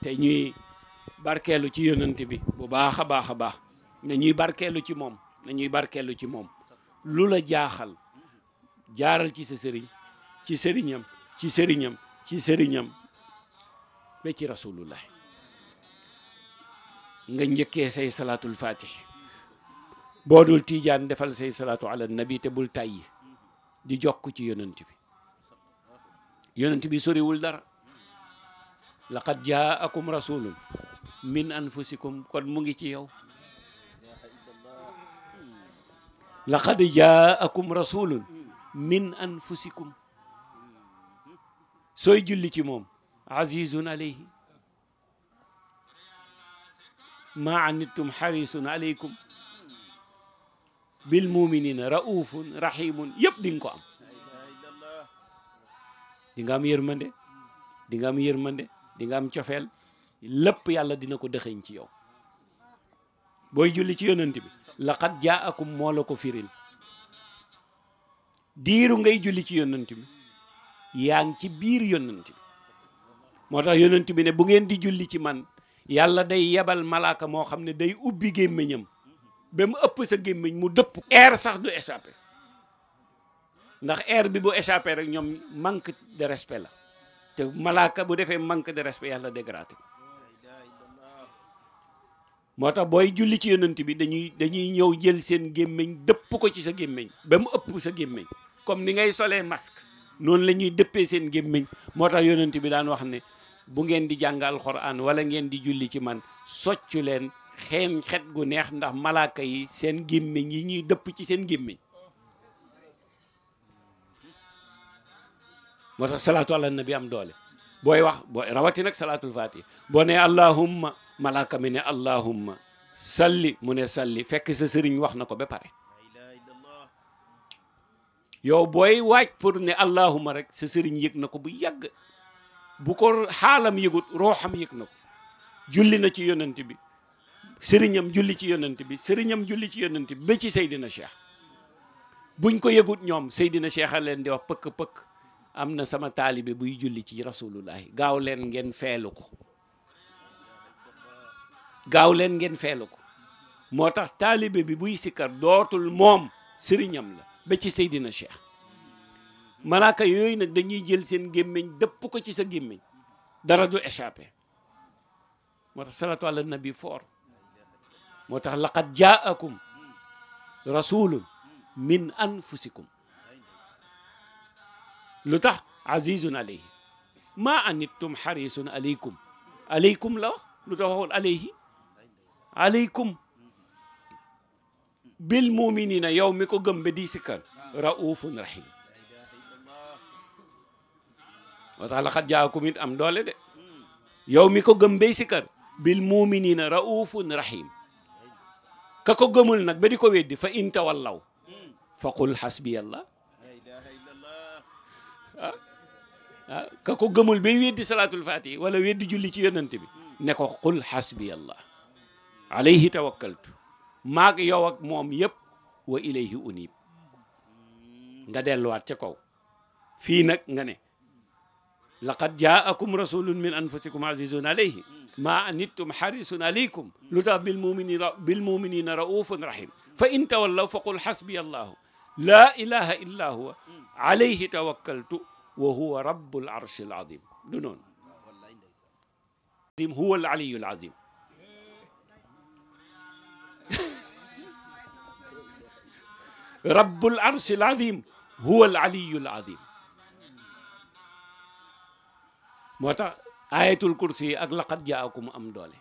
te ñuy barkeelu ci yonent bi bu baax a baax a baax na ñuy barkeelu ci moom na ñuy barkeelu ci moom lu la jaaxal jaaral ci sa sëriñ ci sëriñam ci sëriñam ci sëriñam ba ci rasulullah nga njëkkee say salaatul fatih boo dul tiijaan defal say salaatu ala nabi te bul tàyyi di jokk ci yonent bi yonent bi soriwul dara laqad jaakum rasulun min anfusikum kon mu ngi ci yow laqad jaakum rasulun min anfusikum sooy julli ci moom azizun alayhi ma anittum xarisun aleykum bil muminina raufun rahimun yëpp di nga ko am di nga am yërmande di nga am yërmande dinga am cofeel lépp yàlla dina ko dëxëñ ci yow booy julli ci yonent bi laqad jaakum moo la ko firil diiru ngay julli ci yonent bi yaa ngi ci biir yonanti bi moo tax yonent bi ne bu ngeen di julli ci man yàlla day yebal malaaka moo xam ne day ubbi gémmiñam ba ëpp sa gémmiñ mu dëpp air sax du échappé ndax air bi bu échappé rek ñoom manque de respect la te malaaka bu defee manque de respect yàlla dégradé ko moo tax booy julli ci yonent bi dañuy dañuy ñëw jël seen gémmiñ dëpp ko ci sa gémmiñ ba mu ëpp sa gémmiñ comme ni ngay solee masque noonu la ñuy dëppee seen gémmiñ moo tax yonent bi daan wax ne bu ngeen di jàng alxuraan wala ngeen di julli ci man soccu leen xeen xet gu neex ndax malaaka yi seen gémmiñ yi ñuy dëpp ci seen gémmiñ moo tax salaatu ala nabi am doole booy wax boo rawati nag salaatul faati boo ne allahumma malaaka mi ne allahumma salli mu ne salli fekk sa sëriñ wax na ko ba pare yow booy waaj pour ne allahumma rek sa sëriñ yëg na ko bu yàgg bu ko xaalam yëgut rooxam yëg na ko julli na ci yonent bi sëriñam julli ci yonent bi sëriñam julli ci yonent bi ba ci Seydina Cheikh buñ ko yëgut ñoom Seydina Cheikh a leen di wax pëkk-pëkk am na sama taalibe buy julli ci rasulullahi gaaw leen ngeen feelu ko gaaw leen ngeen feelu ko moo tax taalibe bi buy sikkar dootul moom sëriñam la ba ci Seydina Cheikh malaaka yooyu nag dañuy jël seen gémmiñ dëpp ko ci sa gémmiñ dara du échappé moo tax salatu ala nabi foor moo tax laqad jaakum rasulun min anfusikum lu tax azizun alayhi maa anittum xarisun aleykum aleykum la bil muminina yow mi ko gëm ba di sikkar raufun rahim wa tax laqad jaakum it am doole de yow mi ko gëm bay sikkar bil muminina raufun rahim ka ko gëmul nag ba di ko weddi fa in tawallaw fa qul xasbiyallah Ah? ah ka ko gëmul bay weddi salaatul faatihi wala weddi julli ci yonent bi ne ko qul hasbiyallah alayhi tawakkaltu maag yow ak moom yëpp wa ilayhi unib nga delluwaat ca kaw fii nag nga ne laqad jaakum rasulun min anfusikum azizun alayhi ma anittum harisun alaykum lu tax bil muminina bil muminina raufun rahim fa in tawallaw fa qul hasbiyallahu laa ilaha illa huwa alayhi tawakkaltu wa huwa rabbul arshil azim du noonu huwa al aliyul azim rabbul arshil azim huwa al aliyul azim moo tax ayatul kursi yi ak laqad jaakum am doole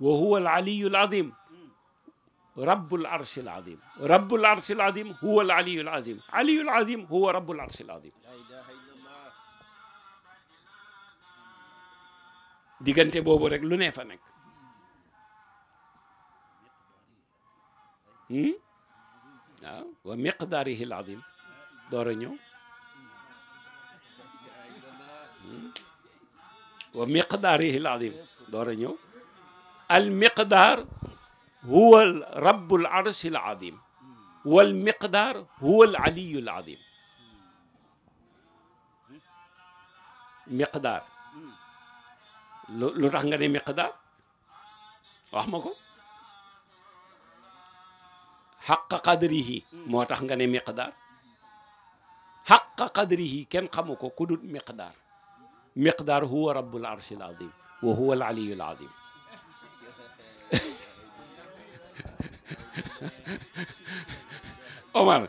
wa huwa al aliyul azim rabbul arshil azim rabbul arshil azim huwa al aliyul azim aliyul azim huwa rabbul arshil azim diggante boobu rek lu ne fa nekk hmm? waaw wa miqdaarihi al azim door a ñëw hmm? wa miqdaarihi al azim door a ñëw al miqdaar huwa rabbul arshil azim wal miqdaar huwa al aliyul azim miqdaar lu tax nga ne miqdaar wax ma ko xaqa qadrihi moo tax nga ne miqdaar xaqa qadrihi kenn xamu ko ku dul miqdaar miqdaar huwa rabbul arshil azim wa huwa al aliyul azim Omar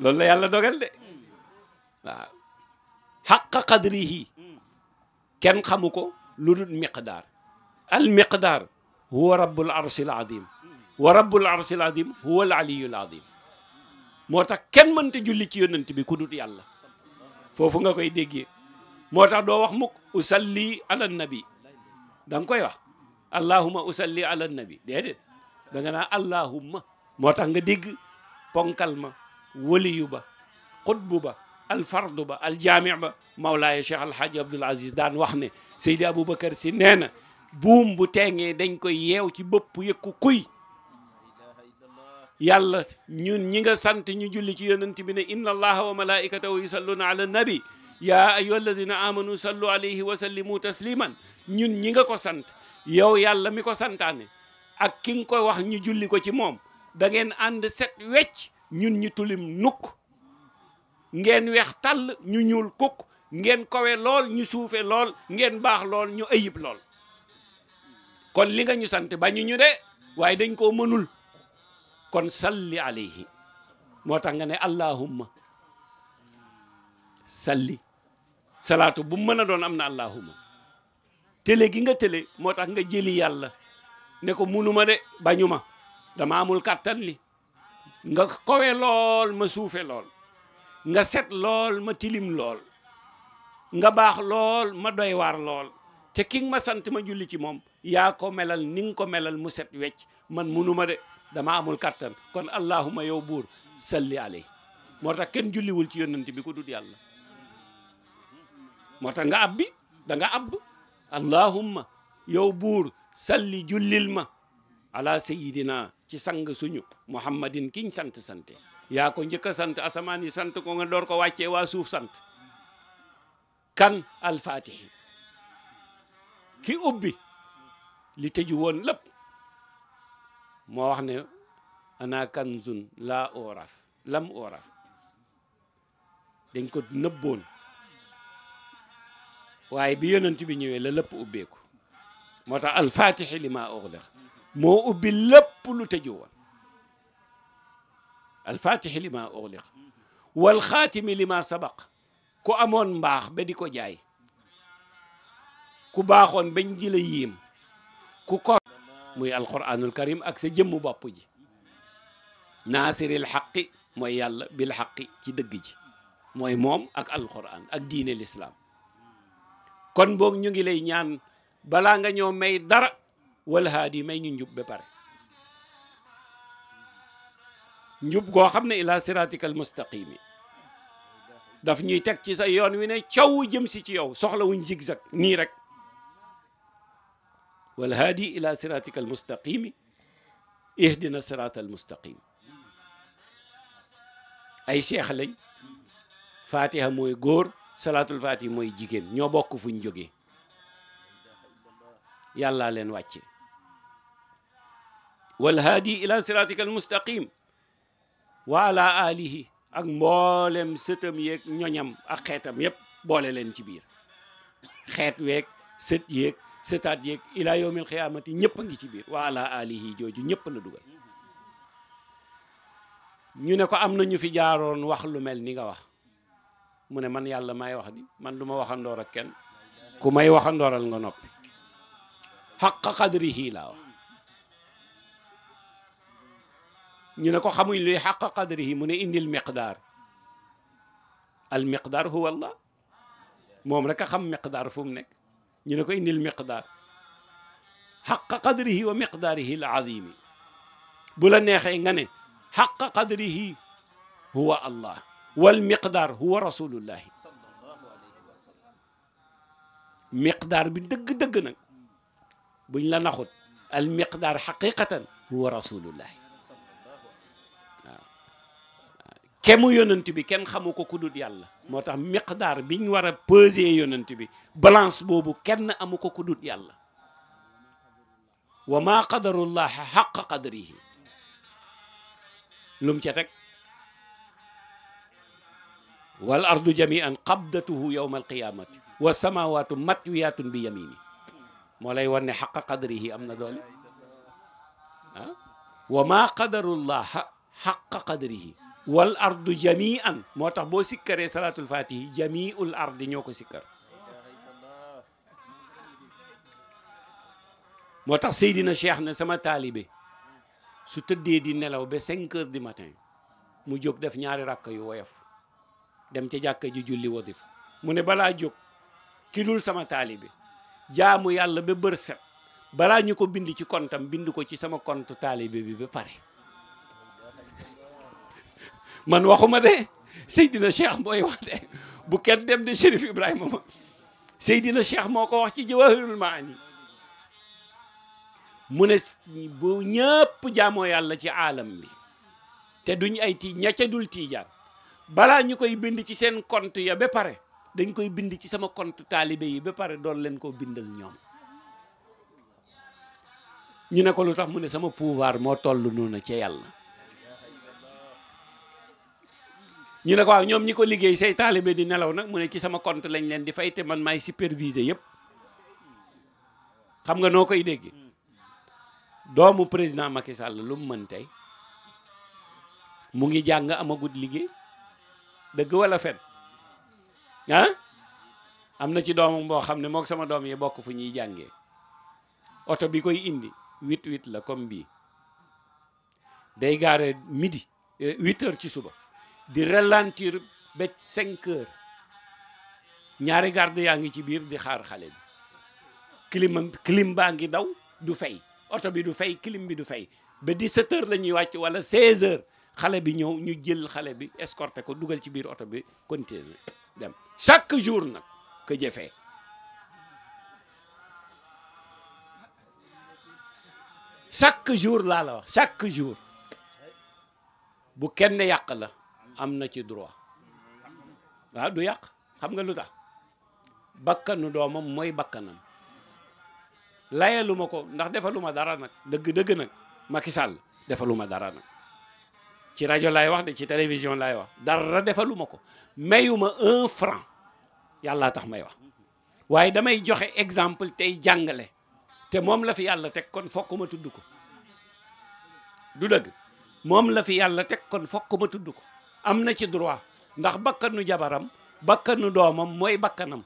loolu la yàlla dogal de waaw xaqa qadrihi kenn xamu ko lu dul miqdaar al miqdaar huwa rabbul arshil azim wa rabbul arshil azim huwa al aliyul azim moo tax kenn mënta julli ci yonent bi ku dul yàlla foofu nga koy déggee moo tax doo wax mukk usalli ala nabi da nga koy wax allahuma usalli ala nabi déedéet da nga naa allahumma moo tax nga dégg ponkal ma waliyu ba xutbu ba alfardu ba aljaami ba mawlaaya cheikh alhaaji abdul daan wax ne seydi aboubacar si nee na buum bu teengee dañ ko yeew ci bopp yëkku kuy yàlla ñun ñi nga sant ñu julli ci yonent bi ne inna allaha wa malaikatahu yusalluna ala nabi yaa ayyuha alladina amanu ñun ñi nga ko sant yow yàlla mi ko santaane ak ki nga ko wax ñu julli ko ci moom da ngeen ànd set wecc ñun ñu tulim nukk ngeen weex tàll ñu ñuul kukk ngeen kowe lool ñu suufe lool ngeen baax lool ñu ayib lool kon li nga ñu sant bañu ñu de waaye dañ koo mënul kon salli alayhi moo tax nga ne allahumma salli salaatu bu mën a doon am na allahumma télé gi nga télé moo tax nga jëli yàlla ne ko munuma de bañu ma dama amul kàttan li nga kowe lool ma suufe lool nga set lool ma tilim lool nga baax lool ma doy waar lool te ki ma sant ma julli ci moom yaa ko melal ni nga ko melal mu set wecc man munuma de dama amul kàttan kon allahuma yow buur salli aley moo tax kenn julliwul ci yonent bi ko dut yàlla moo tax nga abbi da nga abb allahumma yow buur salli jullil ma ala sayidina ci sang suñu muhammadin kiñ sant sante yaa ko njëkk a sant asamaan yi sant ko nga door ko wàccee waa suuf sant kan alfaatihi ki ubbi li tëju woon lëpp moo wax ne ana kanzun la oraf lam oraf dañ ko nëbboon waaye bi yonent bi ñëwee la lëpp ubbeeku moo tax alfaatihi li maa uxliq moo ubbi lépp lépp lu tëju woon alfatixi li ma wal xaatimi li sabaq ku amoon mbaax ba di ko jaay ku baaxoon bañ di yiim ku ko muy alquranul karim ak sa jëmmu bopp ji naasiril xaqi mooy ci dëgg ji mooy moom ak alquran ak diine l'islam kon boog ñu ngi lay ñaan balaa nga ñoo may dara wal haadi may ñu njub ba pare njub goo xam ne ila siratikal mustaqimi daf ñuy teg ci sa yoon wi ne caw jëm si ci yow soxla wuñ zigzag nii rek wal haadi ila siratika al mustaqimi ihdina sirata al mustaqim ay seex lañ fatiha mooy góor salaatul fatiha mooy jigéen ñoo bokk fuñ jógee yàllaa leen wàcce wal haadi ila siratika al waala alihi ak mboolem sëtam yeeg ñoñam ak xeetam yépp boole leen ci biir xeet week sët yeeg sëtaat yeeg ila yawmil xiyaamati ñëpp a ngi ci biir waala alihi jooju ñëpp la dugal ñu ne ko am na ñu fi jaaroon wax lu mel ni nga wax mu ne man yàlla may wax di man du ma waxandoor ak kenn ku may waxandooral nga noppi xaqa qadrihi laa wax ñu ne ko xamuñ luy xàq qadrihi mu ne indil miqdaar al miqdaar huwa allah moom rek a xam miqdaar fu mu nekk ñu ne ko indil miqdaar xàq qadrihi wa miqdaarihi al azimi bu la neexee nga ne xàq qadrihi huwa allah wal miqdaar huwa rasulullahi miqdaar bi dëgg-dëgg nag buñ la naxut al miqdaar xaqiqatan huwa rasulullahi kemu yonent bi kenn xamu ko ku dul yàlla moo tax miqdaar biñ war a peser yonent bi balance boobu kenn amu ko ku dul yàlla wa ma qadarullah xaq qadrihi lum ca teg wal ardu jamian qabdatuhu yowma alqiyamati wa samawatu matwiyatun bi yamini moo lay wan ne xaq qadrihi am na doole ah wa ma qadarullah xaq qadrihi wal ardu jamian moo tax boo sikkaree salaatul fatihi jamiul ardi ñoo ko sikkar moo tax Seydina Cheikh na sama taalibe su tëddee di nelaw ba cinq heures du matin mu jóg def ñaari rakk yu woyof dem ca jàkk ji julli wadif mu ne balaa jóg ki dul sama taalibe jaamu yàlla ba bër set balaa ñu ko bind ci kontam bind ko ci sama kont taalibe bi ba pare man waxuma de Seydina Cheikh mooy wax de bu kenn dem de Chérif Ibrahima ma Seydina moo ko wax ci Jawahirul Maani mu ne bu ñëpp jaamoo yàlla ci aalam bi te duñ ay tii ña ca tiijaan balaa ñu koy bind ci seen compte ya ba dañ koy bind ci sama compte taalibe yi ba pare doon leen koo bindal ñoom ñu ne ko lu tax mu ne sama pouvoir moo toll noonu cee yàlla ñu ne ko waaw ñoom ñi ko liggéey say taalibe di nelaw nag mu ne ci sama conte lañ leen di fay te man maay superviser yëpp xam nga noo koy dégg doomu président Macky Sall lu mu mën tey mu ngi jàng ama amagut liggéey dëgg walla fen am na ci doomam boo xam ne mook sama doom yi bokk fu ñuy jàngee oto bi koy indi huit huit la comme bii day gaare midi eh, huit ci suba di ralentir ba cinq ñaari garde yaa ngi ci biir di xaar xale bi clim clim baa ngi daw du fay oto bi du fay kilim bi du fay ba di heures la ñuy wàcc wala 16 heures xale bi ñëw ñu jël xale bi escorté ko dugal ci biir oto bi continuer dem chaque jour nag que jëfee chaque jour laa la wax chaque jour bu kenn yàq la am na ci droit waaw ah, du yàq xam nga lu tax bakkanu doomam mooy bakkanam ma ko ndax defaluma dara nag dëgg dëgg nag Macky Sall ma dara nag ci rajo lay wax de ci télévision laay wax dara ma ko ma un franc yàllaa tax may wax waaye damay joxe exemple tey jàngale te moom la fi yàlla teg kon fokk ma tudd ko du dëgg moom la fi yàlla teg kon fokk ma tudd ko am na ci droit ndax bakkanu jabaram bakkanu doomam mooy bakkanam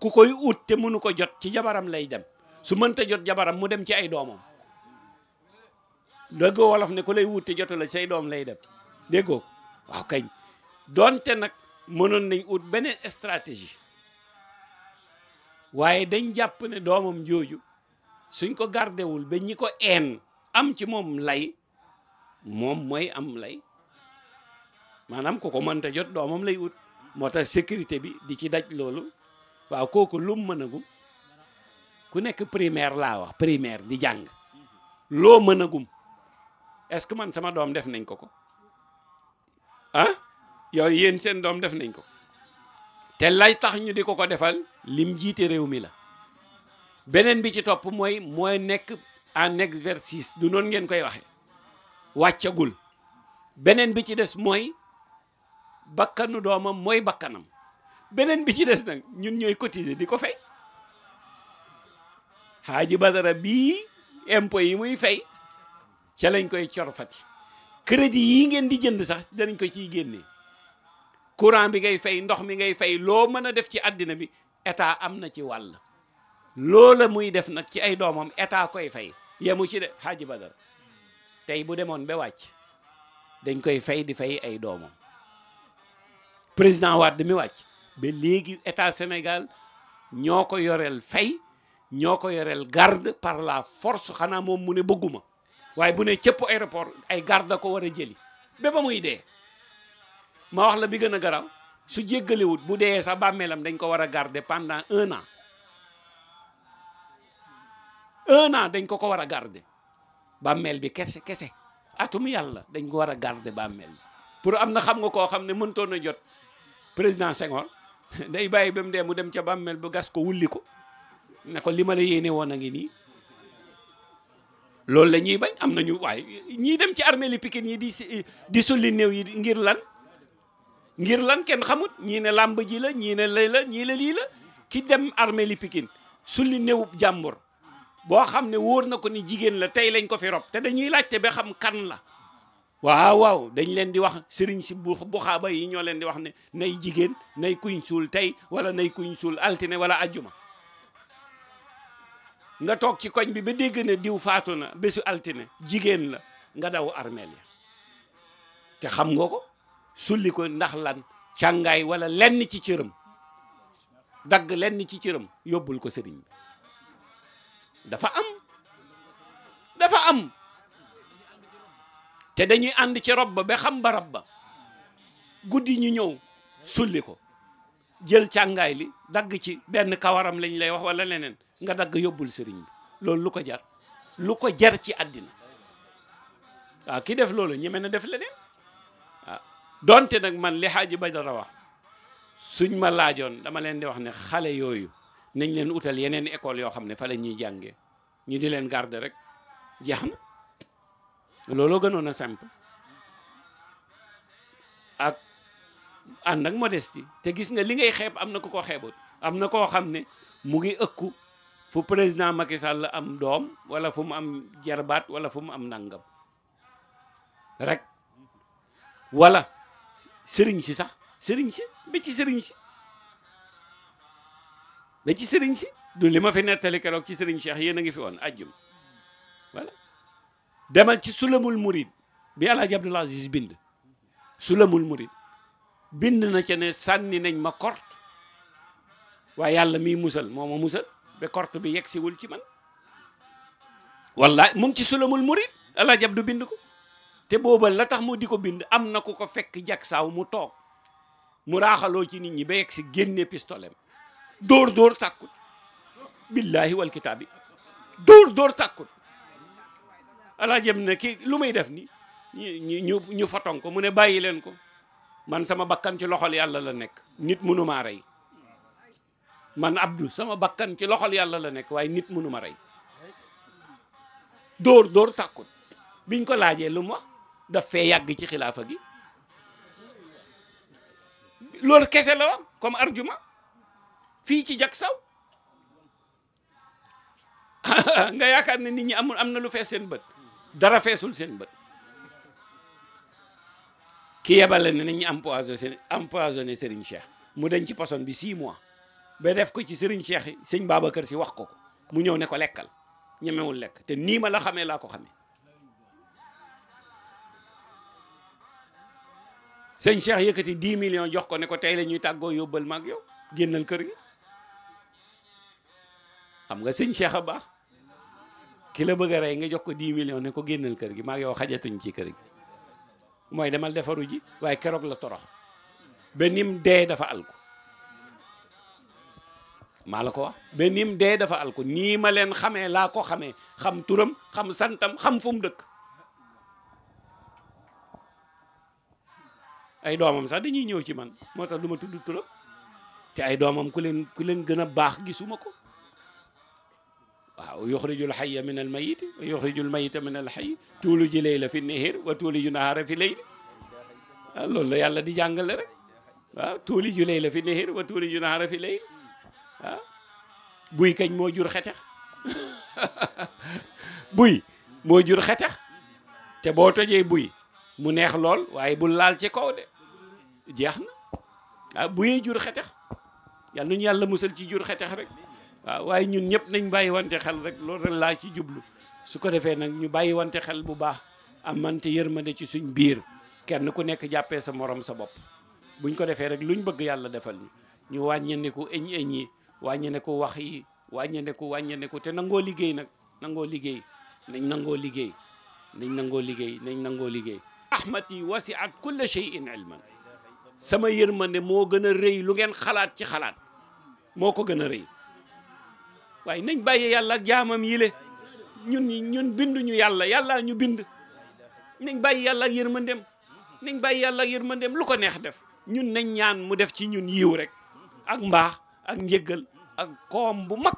ku koy ut te mënu ko jot ci jabaram lay dem su mënta jot jabaram mu dem ci ay doomam dëgg wolof ne ko lay wut te jotu say doom lay dem déggoo waaw kañ donte nag mënoon nañ ut beneen stratégie waaye dañ jàpp ne doomam jooju suñ ko gardewul ba ñi ko een am ci moom lay moom mooy am lay maanaam ku ko mënta jot doomam lay wut moo tax sécurité bi di ci daj loolu waaw kooku lum mënagum ku nekk primaire laa wax primaire di jàng loo mënagum est-ce que man sama doom def nañ ko ko ah yow yéen seen doom def nañ ko te lay tax ñu di ko ko defal lim jiite réew mi la beneen bi ci topp mooy mooy nekk en exercice du noonu ngeen koy waxe wàccagul beneen bi ci des mooy bakkanu doomam mooy bakkanam beneen bi ci des nag ñun ñooy cotiser di ko fay xaaji badara bii impôt yi muy fay ca lañ koy corfati crédit yi ngeen di jënd sax danañ ko ciy génnee courant bi ngay fay ndox mi ngay fay loo mën a def ci àddina bi état am na ci wàll loola muy def nag ci ay doomam état koy fay yemu ci de xaaji badara tey bu demoon ba wàcc dañ koy fay di fay ay doomam président Wade mi wàcc ba léegi état Sénégal ñoo ko yoreel fay ñoo ko yoreel garde par la force xanaa moom mu ne bëgguma waaye bu ne cëpp aéroport ay garde ko war a jëli ba ba muy dee ma wax la bi gën a garaw su jéggalewut bu dee sax bàmmeelam dañ ko war a garder pendant un an un an dañ ko ko war a garder bàmmeel bi kese kese atum yàlla dañ ko war a garder bàmmeel bi pour am na xam nga koo xam ne mëntoon jot président Senghor day bàyyi ba mu dee mu dem ca bàmmeel ba gas ko wulli ko ne ko li ma la yéene woon a ngi nii loolu la ñuy bañ am nañu waaye ñii dem ci armée li Pikine yi di di sulli néew yi ngir lan ngir lan kenn xamut ñii ne làmb ji la ñii ne lay la ñii la lii la ki dem armée li Pikine sulli néewub jàmbur boo xam ne wóor na ko ni jigéen la tey lañ ko fi rob te dañuy laajte be xam kan la waaw waaw dañ leen di wax sëriñ si bu buxaaba yi ñoo leen di wax ne nay jigéen nay kuñ suul tey wala nay kuñ suul altine wala ajjuma nga toog ci koñ bi ba dégg ne diw faatu na bésu altine jigéen la nga daw armeel ya te xam nga ko sulli ko ndax lan càngaay wala lenn ci cëram dagg lenn ci cëram yóbbul ko sëriñ bi dafa am dafa am te dañuy ànd ci rob ba ba xam barab ba guddi ñu ñëw sulli ko jël càngaay li dagg ci benn kawaram lañ lay wax wala leneen nga dagg yóbbul sëriñ bi loolu lu ko jar lu ko jar ci àddina waaw ki def loolu ñeme na def leneen waaw donte nag man li xaaj xaaji Badara wax suñ ma laajoon dama leen di wax ne xale yooyu nañ leen utal yeneen école yoo xam ne fa la ñuy jàngee ñu di leen garder rek jeex na looloo gënoon a simple ak ànd ak modestie te gis nga li ngay xeeb am na ku ko xeeboon am na koo xam ne mu ngi ëkku fu président makisal Sall am doom wala fu mu am jarbaat wala fu mu am nangam rek wala sëriñ si sax sëriñ si ba ci sëriñ si ba ci sëriñ si du li ma fi nettali keroog ci sëriñ Cheikh yéen a ngi fi woon ajjum voilà demal ci sulamul murid bi alaaji abdul aziz bind sulamul murid bind na ca ne sànni nañ ma kort waaye yàlla miy musal mooma ma musal ba kort bi yegsiwul ci man wallaay mu ci sulamul murid alaaji abdu bind ko te booba la tax mu di ko bind am na ku ko fekk jak saaw mu toog mu raaxaloo ci nit ñi ba yegsi génne pistolem dóor dóor tàkkut billaahi wal kitaabi dóor dóor takkut alaajam ne ki lu may def nii ñu ñu ñu foton ko mu ne bàyyi leen ko man sama bakkan ci loxol yàlla la nekk nit mënu maa rey man Abdou sama bakkan ci loxol yàlla la nekk waaye nit mënu ma rey dóor dóor tàkkut biñ ko laajee lu mu wax daf fee yàgg ci xilaafa gi loolu kese la wax fii ci jak saw nga yaakaar ne nit ñi amul am na lu fees seen bët dara feesul seen bët ki yebale ne nañu empoisonné empoisonné Serigne Cheikh mu denc ci poison bi 6 mois ba def ko ci Serigne Cheikh yi sëñ kër si wax ko ko mu ñëw ne ko lekkal ñemewul lekk te nii ma la xamee laa ko xamee sëñ Cheikh yëkkati 10 million jox ko ne ko tey la tàggoo yóbbal ma ak yow génnal kër gi xam nga sëñ Cheikh a baax ki la bëgg a rey nga jox ko 10 millions ne ko génnal kër gi maa yow xajatuñ ci kër gi mooy demal defaru ji waaye keroog la torox ba nim dee dafa alku maa la ko wax ba dee dafa alku nii ma leen xamee laa ko xamee xam turam xam santam xam fu mu dëkk ay doomam sax dañuy ñëw ci man moo tax du ma tudd turam te ay doomam ku leen ku leen gën a baax gisuma ko waaw yuxrijul xayya min al mayiti wa yuxrijul mayita min al xayyi tuuliju layla fi nihir wa tuuliju nahaara fi layli waaw loolu la yàlla di jàngale rek waaw tuuliju layla fi nihir wa tuuliju nahaara fi layli buy kañ moo jur xetax buy moo jur xetax te boo tojee buy mu neex lool waaye bul laal ci kaw de jeex na ah buyee jur xetax yàlla musal ci jur xetax rek waaw waaye ñun ñëpp nañ bàyyi wante xel rek loolu rek laa ci jublu su ko defee nag ñu bàyyi wante xel bu baax am amante yërmande ci suñ biir kenn ku nekk jàppee sa morom sa bopp buñ ko defee rek lu ñu bëgg yàlla defal ni ñu ñu wàññeeku eñ eñ yi wàññeeku wax yi wàññeeku wàññeeku te nangoo liggéey nag nangoo liggéey nañ nangoo liggéey nañ nangoo liggéey nañ nangoo liggéey rahmati wasiat kulla shay'in man sama yërmande moo gën a rëy lu ngeen xalaat ci xalaat moo ko gën a rëy waaye nañ bàyyi yàlla ak jaamam yile ñun ñun binduñu yàlla yàlla ñu bind nañ bàyyi yàlla ak yërmandem nañ bàyyi yàlla ak yërmandem lu ko neex def ñun nañ ñaan mu def ci ñun yiw rek ak mbaax ak njëggal ak koom bu mag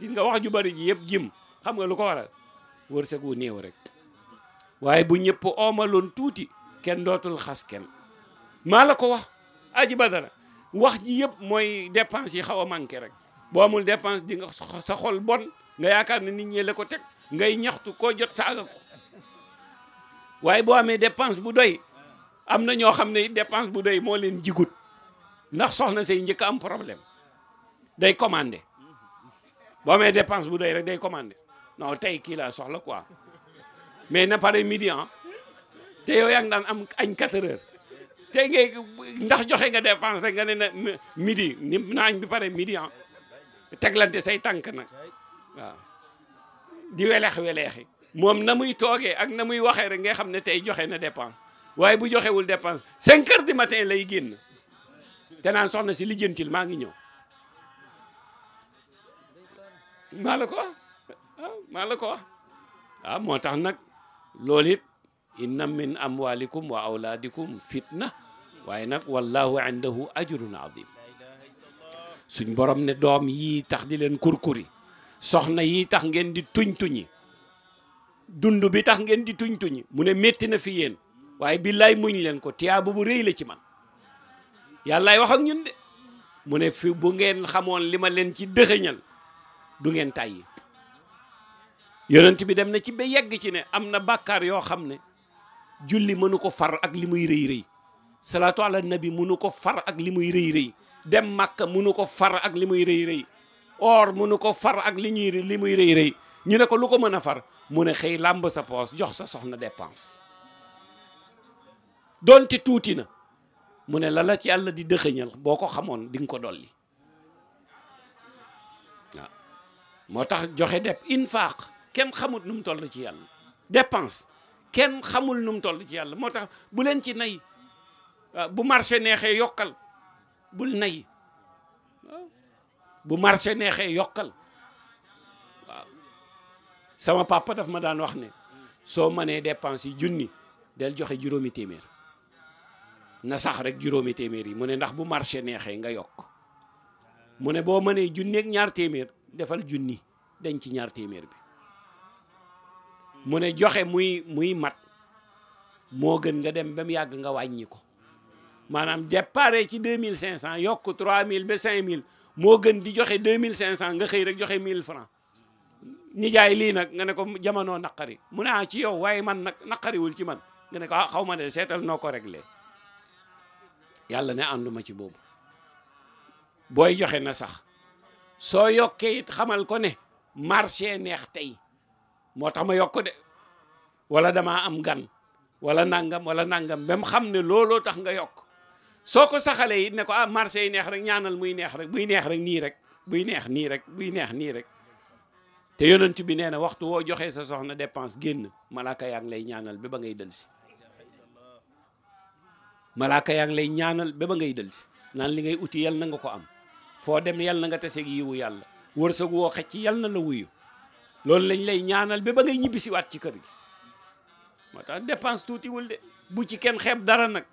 gis nga wax ju bari ji yëpp jim xam nga lu ko waral wërsëg wu néew rek waaye bu ñëpp oomaloon tuuti kenn dootul xas kenn maa la ko wax aji badara wax ji yëpp mooy dépense yi xaw a manqué rek boo amul dépense di nga sa xol bon nga yaakaar ne nit ñi la ko teg ngay ñaxtu koo jot saaga ko waaye boo amee dépense bu doy am na ñoo xam ne dépense bu doy moo leen jigut ndax soxna say njëkk am problème day commandé boo amee dépense bu doy rek day commandé non tey kii laa soxla quoi mais na pare midi ah. te yow yaa ngi daan am añ 4 heures tey ngay ndax joxe nga dépense rek nga ne na midi ni bi pare midi ah. teglante say tànk nag di weleex weleexi moom na muy toogee ak na muy waxee rek nga xam ne tey joxe na dépense waaye bu joxewul dépense cinq heures du matin lay génn te naan soxna si lijjantil maa ngi ñëw maa la ko wax ah, ah, moo tax nag loolu it inna min amwalikum wa awlaadikum fitna waaye nag wallahu indahu ajrun suñ borom ne doom yii tax di leen kurkuri soxna yii tax ngeen di tuñ tuñi dund bi tax ngeen di tuñ tuñi mu ne metti na fi yéen waaye billaay muñ leen ko tiyaaba bu rëy la ci man yàllaay wax ak ñun de mu ne fi bu ngeen xamoon li ma leen ci dëxëñal du ngeen tàyyi yonent bi dem na ci ba yegg ci ne am na bàkkaar yoo xam ne julli mënu ko far ak li muy rëy rëy salaatu ala nabi mënu ko far ak li muy rëy rëy dem màkk munu ko far ak li muy rëy rëy or munu ko far ak li ñuy li muy rëy rëy ñu ne ko lu ko mën a far mu ne xëy làmb sa poos jox sa soxna dépense donte tuuti na mu ne la la ci yàlla di dëxëñal boo ko xamoon di ko dolli waaw moo tax joxe depp infaaq kenn xamul nu mu toll ci yàlla dépense kenn xamul nu mu toll ci yàlla moo tax bu leen ci nay bu marché neexee yokkal bul nay bu marché neexee yokkal sama papa daf ma daan wax ne soo mënee dépense yi junni del joxe juróomi téeméer na sax rek juróomi téeméer yi mu ne ndax bu marché neexee nga yokk mu ne boo mënee junni ak ñaar téeméer defal junni dañ ci ñaar téeméer bi mu ne joxe muy muy mat moo gën nga dem ba mu yàgg nga wàññi ko maanaam dépare ci deux mille cinq cent yokk trois mille ba cinq mille moo gën di joxe deux mille cinq cent nga xëy rek joxe mille francs nijaay lii nag nga ne ko jamono naqari mu ne ah ci yow waaye man nag naqariwul ci man nga ne ko ah xaw ne seetal noo ko réglé yàlla ne ànduma ci boobu booy joxe na sax soo yokkee it xamal ko ne marché neex tey moo tax ma yokk de wala damaa am gan wala nangam wala nangam même xam ne looloo tax nga yokk soo ko saxalee it ne ko ah marché yi neex rek ñaanal muy neex rek buy neex rek nii rek buy neex nii rek buy neex nii rek te yonent bi nee na waxtu woo joxee sa soxna dépense génn malaaka yaa lay ñaanal ba ba ngay dël si lay ñaanal ba ngay dël si naan li ngay uti yal na nga ko am foo dem yal na nga taseeg yiwu yàlla wërsëgu woo xëcc yal na la wuyu loolu lañ lay ñaanal ba ba ngay ñibbi ñibbisiwaat ci kër gi moo tax dépense tuutiwul de bu ci kenn xeeb dara nag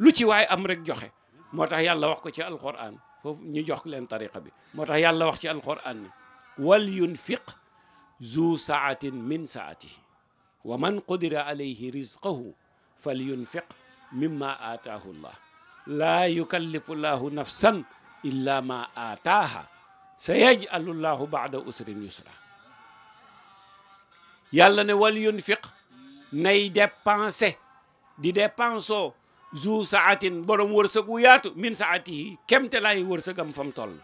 lu ci waay am rek joxe moo tax yàlla wax ko ci alquran foofu ñu jox leen tariqa bi moo tax yàlla wax ci alquran ne wal yunfiq zu saatin min saatihi wa man qudira alayhi rizqahu fal yunfiq mimma aataahu llah laa yukallifu llahu nafsan illa ma aataaha sa yaj'alu llahu ba'da yusra yàlla ne wal yunfiq nay dépensé di dépensoo zu saatin borom wërsëg wu yaatu min saatihi kemte lay wërsëgam am fam toll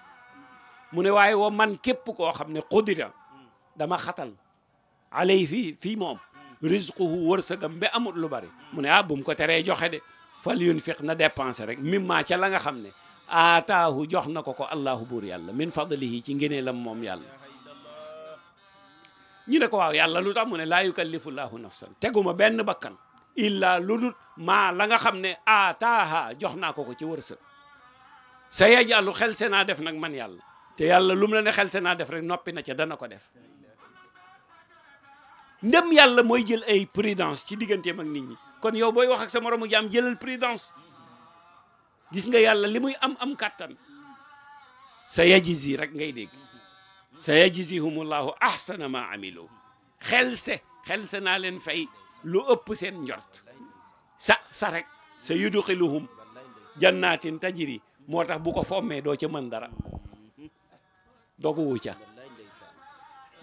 mu ne waaye woo man képp koo xam ne xudira dama xatal alay fii fii moom rizquhu wërsëgam ba amut lu bari mu ne ah bu mu ko teree joxe de fal yunfiq na dépensé rek mimma ca la nga xam ne aataahu jox na ko ko allahu buur yàlla min fadlihi ci ngëneelam moom yàlla ñu ne ko waaw yàlla lu tax mu ne laa yukallifu llahu nafsan teguma benn bakkan illaa ludul maa la nga xam ne aataaha jox naa ko ko ci wërsëg sa yajalu xel se naa def nag man yàlla te yàlla lu mu la ne xel se naa def rek noppi na ca dana ko def ndem yàlla mooy jël ay prudence ci diggante ak nit ñi kon yow booy wax ak sa moromu jaam jëlal prudence gis nga yàlla li muy am am kàttan sa yajizi rek ngay dégg sa yajizihumullahu ahsana ma amilu xel se xel se naa leen fay lu ëpp seen njort sa sa rek sa yudxiluhum jannatin tajiri moo tax bu ko fommee doo ca mën dara dogu wu ca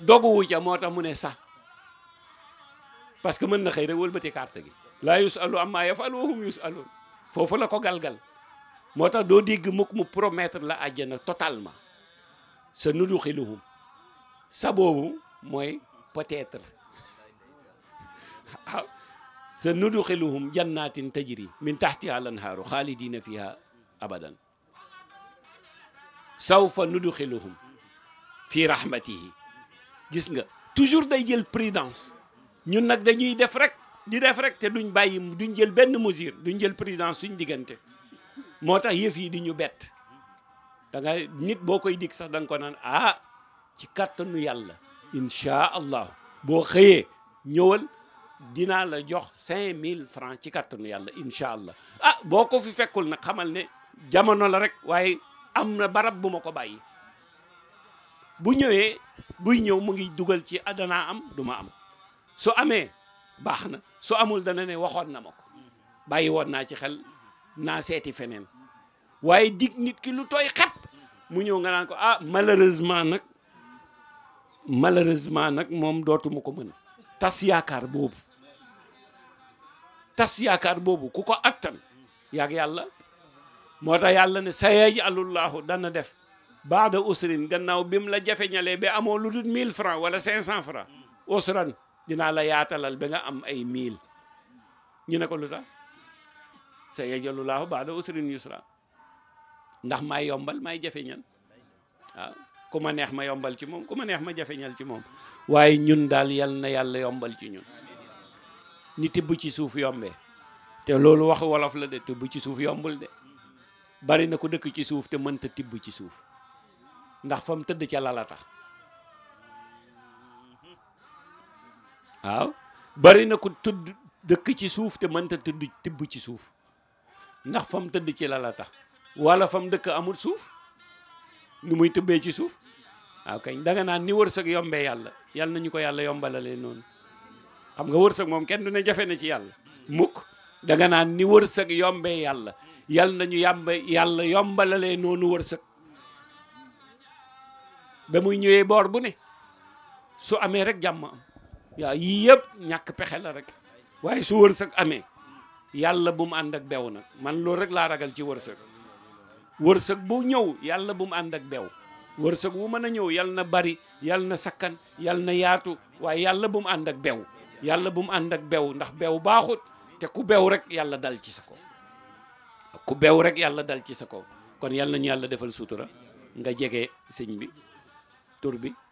dogu wu moo tax mu ne sax parce que mën na xëy rek wëlbati carte gi laa yusalu amma yafalu wa hum yusalun foofu la ko galgal moo tax doo dégg mukk mu promettre la àjjana totalement sa nuduxiluhum sa boobu mooy peut sa nudxiluhum jannatin tajri min taxtiha al anhaaru xaalidina fiha abadan sawfa nudxiluhum fi rahmatihi gis nga toujours day jël prudence ñun nag dañuy def rek di def rek te duñ bàyyi duñ jël benn mesure duñ jël prudence suñ diggante moo tax yëf yi di ñu bett da nga nit boo koy dig sax da nga ko naan ah ci kàttanu yàlla inchaa allah boo xëyee ñëwal dinaa la jox cinq mille francs ci kàttanu yàlla incha allah ah boo ko fi fekkul nag xamal ne jamono la rek waaye am na barab bu ma ko bàyyi bu ñëwee buy ñëw mu ngi dugal ci ah, danaa am du ma am su amee baax na su amul dana ne waxoon na ma ko bàyyi woon naa ci xel naa seeti feneen waaye dig nit ki lu tooy xep mu ñëw nga naan ko ah malheureusement nag malheureusement nag moom dootuma ko mën tas yaakaar boobu tas yaakaar boobu ku ko attan yaag yàlla moo tax yàlla ne sa yajalullahu dana def baada usrin gannaaw bi mu la jafeñalee ba amoo lu dul 1000 francs wala 500 francs usran dinaa la yaatalal ba nga am ay 1000 ñu ne ko lu tax sa yajalullahu baada usrin yusra ndax maay yombal maay jafe waaw ah, ku ma neex ma yombal ci moom ku ma neex ma jafeñal ci moom waaye ñun daal yal na yàlla yombal ci ñun ni tibb ci suuf yombe te loolu wax wolof la de tibb ci suuf yombul de bari na ko dëkk ci suuf te mënta tibb ci suuf ndax fa mu tëdd ca lala tax waaw bari na ko tudd ci suuf te mënta tëdd tibb ci suuf ndax fa mu tëdd ci lala tax wala fa dëkk amul suuf nu muy tëbbee ci suuf waaw kañ danga naan ni war wërsëg yombee yàlla yàlla nañu ko yàlla yombalale noonu xam nga wërsëg moom kenn du ne jafe na ci yàlla mukk da nga naan ni wërsëg yombee yàlla yal nañu yàmb yàlla yombalale noonu wërsëg ba muy ñëwee boor bu ne su amee rek jàmm am waaw yii yëpp ñàkk pexe la rek waaye su wërsëg amee yàlla bu mu ànd ak bew nag man loolu rek laa ragal ci wërsëg wërsëg bu ñëw yàlla bu mu ànd ak bew wërsëg wu mën a ñëw yal na bari yal na sakkan yal na yaatu waaye yàlla bu mu ànd ak bew yàlla bu mu ànd ak bew ndax bew baaxut te ku bew rek yàlla dal ci sa kaw ku bew rek yàlla dal ci sa kaw kon yàlla nañu yàlla defal sutura nga jege sëñ bi tur bi